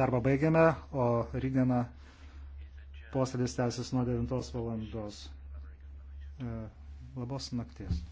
Darbą baigiame, o rydieną posėdis tęsis nuo 9 valandos. E, labos nakties.